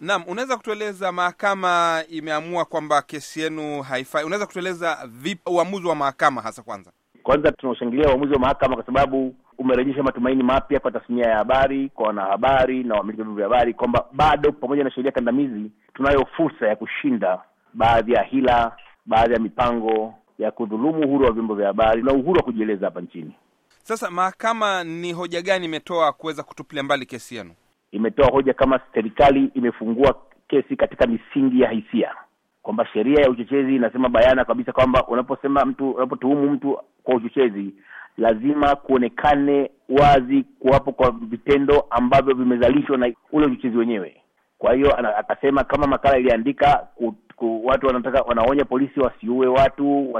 Naam, unaweza kutueleza mahakama imeamua kwamba kesi yenu haifai. Unaweza kutueleza vipi uamuzi wa mahakama hasa? Kwanza kwanza, tunaushangilia uamuzi wa mahakama kwa sababu umerejesha matumaini mapya kwa tasnia ya habari, kwa wanahabari na wamiliki wa vyombo vya habari kwamba bado pamoja na sheria kandamizi tunayo fursa ya kushinda baadhi ya hila, baadhi ya mipango ya kudhulumu uhuru wa vyombo vya habari na uhuru wa kujieleza hapa nchini. Sasa mahakama ni hoja gani imetoa kuweza kutupilia mbali kesi yenu? imetoa hoja kama serikali imefungua kesi katika misingi ya hisia, kwamba sheria ya uchochezi inasema bayana kabisa kwamba unaposema mtu, unapotuhumu mtu kwa uchochezi, lazima kuonekane wazi kuwapo kwa vitendo ambavyo vimezalishwa na ule uchochezi wenyewe. Kwa hiyo akasema kama makala iliandika ku, ku, watu wanataka wanaonya polisi wasiue watu,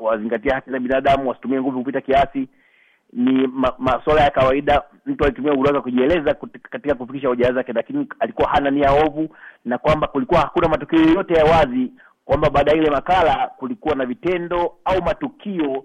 wazingatia wa, wa, wa haki za binadamu, wasitumie nguvu kupita kiasi ni masuala ya kawaida. Mtu alitumia uhuru wake kujieleza katika kufikisha hoja zake, lakini alikuwa hana nia ovu, na kwamba kulikuwa hakuna matukio yoyote ya wazi kwamba baada ya ile makala kulikuwa na vitendo au matukio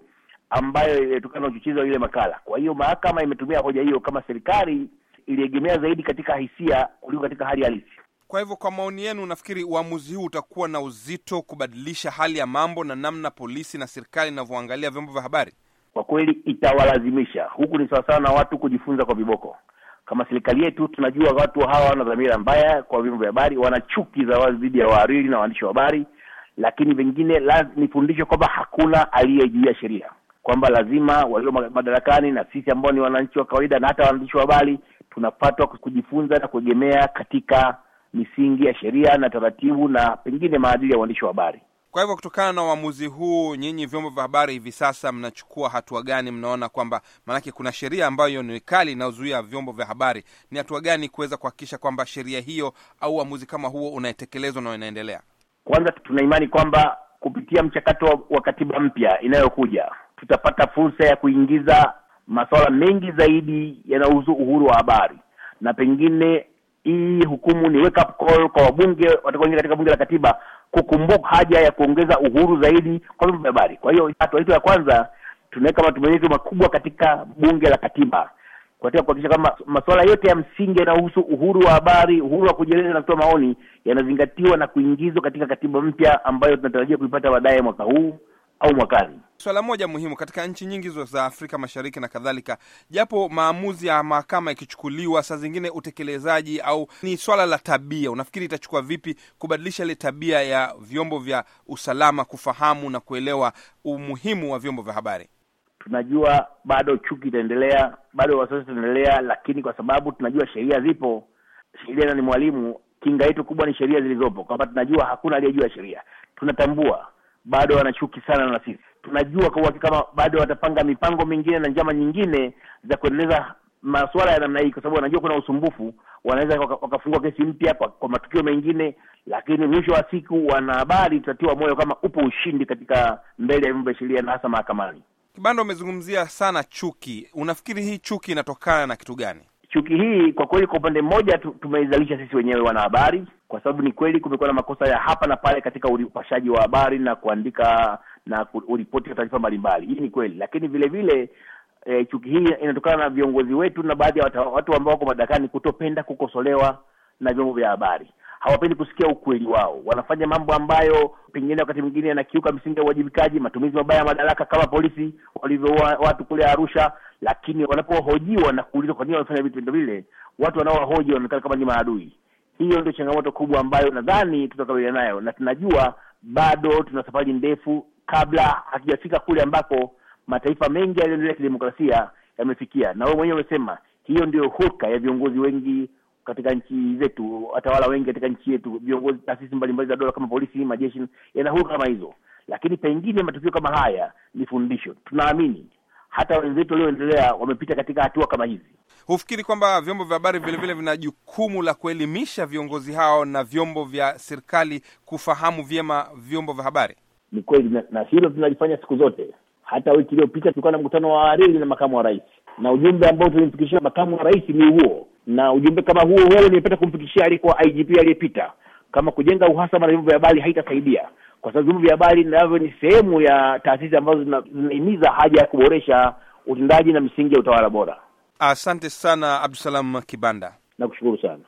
ambayo yalitokana na uchochezi wa ile makala. Kwa hiyo mahakama imetumia hoja hiyo kama serikali iliegemea zaidi katika hisia kuliko katika hali halisi. Kwa hivyo, kwa maoni yenu, nafikiri uamuzi huu utakuwa na uzito kubadilisha hali ya mambo na namna polisi na serikali inavyoangalia vyombo vya habari kwa kweli itawalazimisha. Huku ni sawasawa na watu kujifunza kwa viboko. Kama serikali yetu tunajua watu hawa wana dhamira mbaya kwa vyombo vya habari, wana chuki za wazi dhidi ya wahariri na waandishi wa habari, lakini vingine nifundishwe kwamba hakuna aliye juu ya sheria, kwamba lazima walio madarakani na sisi ambao ni wananchi wa kawaida na hata waandishi wa habari tunapatwa kujifunza na kuegemea katika misingi ya sheria na taratibu na pengine maadili ya uandishi wa habari. Kwa hivyo kutokana na uamuzi huu, nyinyi vyombo vya habari hivi sasa mnachukua hatua gani? Mnaona kwamba maanake kuna sheria ambayo ni kali inayozuia vyombo vya habari, ni hatua gani kuweza kuhakikisha kwamba sheria hiyo au uamuzi kama huo unaetekelezwa na unaendelea? Kwanza tunaimani kwamba kupitia mchakato wa katiba mpya inayokuja tutapata fursa ya kuingiza masuala mengi zaidi yanayohusu uhuru wa habari, na pengine hii hukumu ni wake up call kwa wabunge watakaoingia katika bunge la katiba kukumbuka haja ya kuongeza uhuru zaidi kwa vyombo vya habari. Kwa hiyo hatua ya kwanza tunaweka matumaini yetu makubwa katika bunge la katiba katika kuhakikisha kwamba masuala yote ya msingi yanayohusu uhuru wa habari, uhuru wa kujieleza na kutoa maoni yanazingatiwa na kuingizwa katika katiba mpya ambayo tunatarajia kuipata baadaye mwaka huu au mwakani. Swala moja muhimu katika nchi nyingi hizo za Afrika Mashariki na kadhalika, japo maamuzi ya mahakama ikichukuliwa, saa zingine utekelezaji au ni swala la tabia. Unafikiri itachukua vipi kubadilisha ile tabia ya vyombo vya usalama kufahamu na kuelewa umuhimu wa vyombo vya habari? Tunajua bado chuki itaendelea, bado wasiwasi itaendelea, lakini kwa sababu tunajua sheria zipo, sheria na ni mwalimu, kinga yetu kubwa ni sheria zilizopo, kwamba tunajua hakuna aliyejua sheria, tunatambua bado wanachuki sana na sisi. Tunajua kwa uhakika kama bado watapanga mipango mingine na njama nyingine za kuendeleza masuala ya namna hii, kwa sababu wanajua kuna usumbufu, wanaweza wakafungua kesi mpya kwa, kwa matukio mengine, lakini mwisho wa siku wanahabari tutatiwa moyo kama upo ushindi katika mbele ya vyombo vya sheria na hasa mahakamani. kibando umezungumzia sana chuki. Unafikiri hii chuki inatokana na kitu gani? Chuki hii kwa kweli, kwa upande mmoja tumeizalisha sisi wenyewe wanahabari, kwa sababu ni kweli kumekuwa na makosa ya hapa na pale katika upashaji wa habari na kuandika na uripoti wa taarifa mbalimbali. Hii ni kweli, lakini vile vile e, chuki hii inatokana na viongozi wetu na baadhi ya watu ambao wako madarakani kutopenda kukosolewa na vyombo vya habari. Hawapendi kusikia ukweli wao, wanafanya mambo ambayo pengine wakati mwingine yanakiuka misingi ya uwajibikaji, matumizi mabaya ya madaraka, kama polisi walivyoua watu kule Arusha lakini wanapohojiwa na kuulizwa kwa nini wamefanya vitendo vile, watu wanaowahoji wanaonekana kama ni maadui. Hiyo ndio changamoto kubwa ambayo nadhani tutakabiliana nayo, na tunajua bado tuna safari ndefu kabla hatujafika kule ambako mataifa mengi yaliyoendelea kidemokrasia yamefikia. Na wewe mwenyewe umesema hiyo ndio huka ya viongozi wengi katika nchi zetu, watawala wengi katika nchi yetu, viongozi taasisi mbalimbali za dola kama polisi, majeshi, yana kama hizo. Lakini pengine matukio kama haya ni fundisho. Tunaamini hata wenzetu walioendelea wamepita katika hatua kama hizi. Hufikiri kwamba vyombo vya habari vilevile vina jukumu la kuelimisha viongozi hao na vyombo vya serikali kufahamu vyema vyombo vya habari? Ni kweli na, na hilo tunalifanya siku zote. Hata wiki iliyopita tulikuwa na mkutano wa hariri na makamu wa rais, na ujumbe ambao tulimfikishia makamu wa rais ni huo, na ujumbe kama huo wewe nimepata kumfikishia aliko IGP aliyepita, kama kujenga uhasama na vyombo vya habari haitasaidia kwa sababu vyombo vya habari navyo ni sehemu ya taasisi ambazo zinahimiza haja ya kuboresha utendaji na misingi ya utawala bora. Asante sana Abdusalam Kibanda, nakushukuru sana.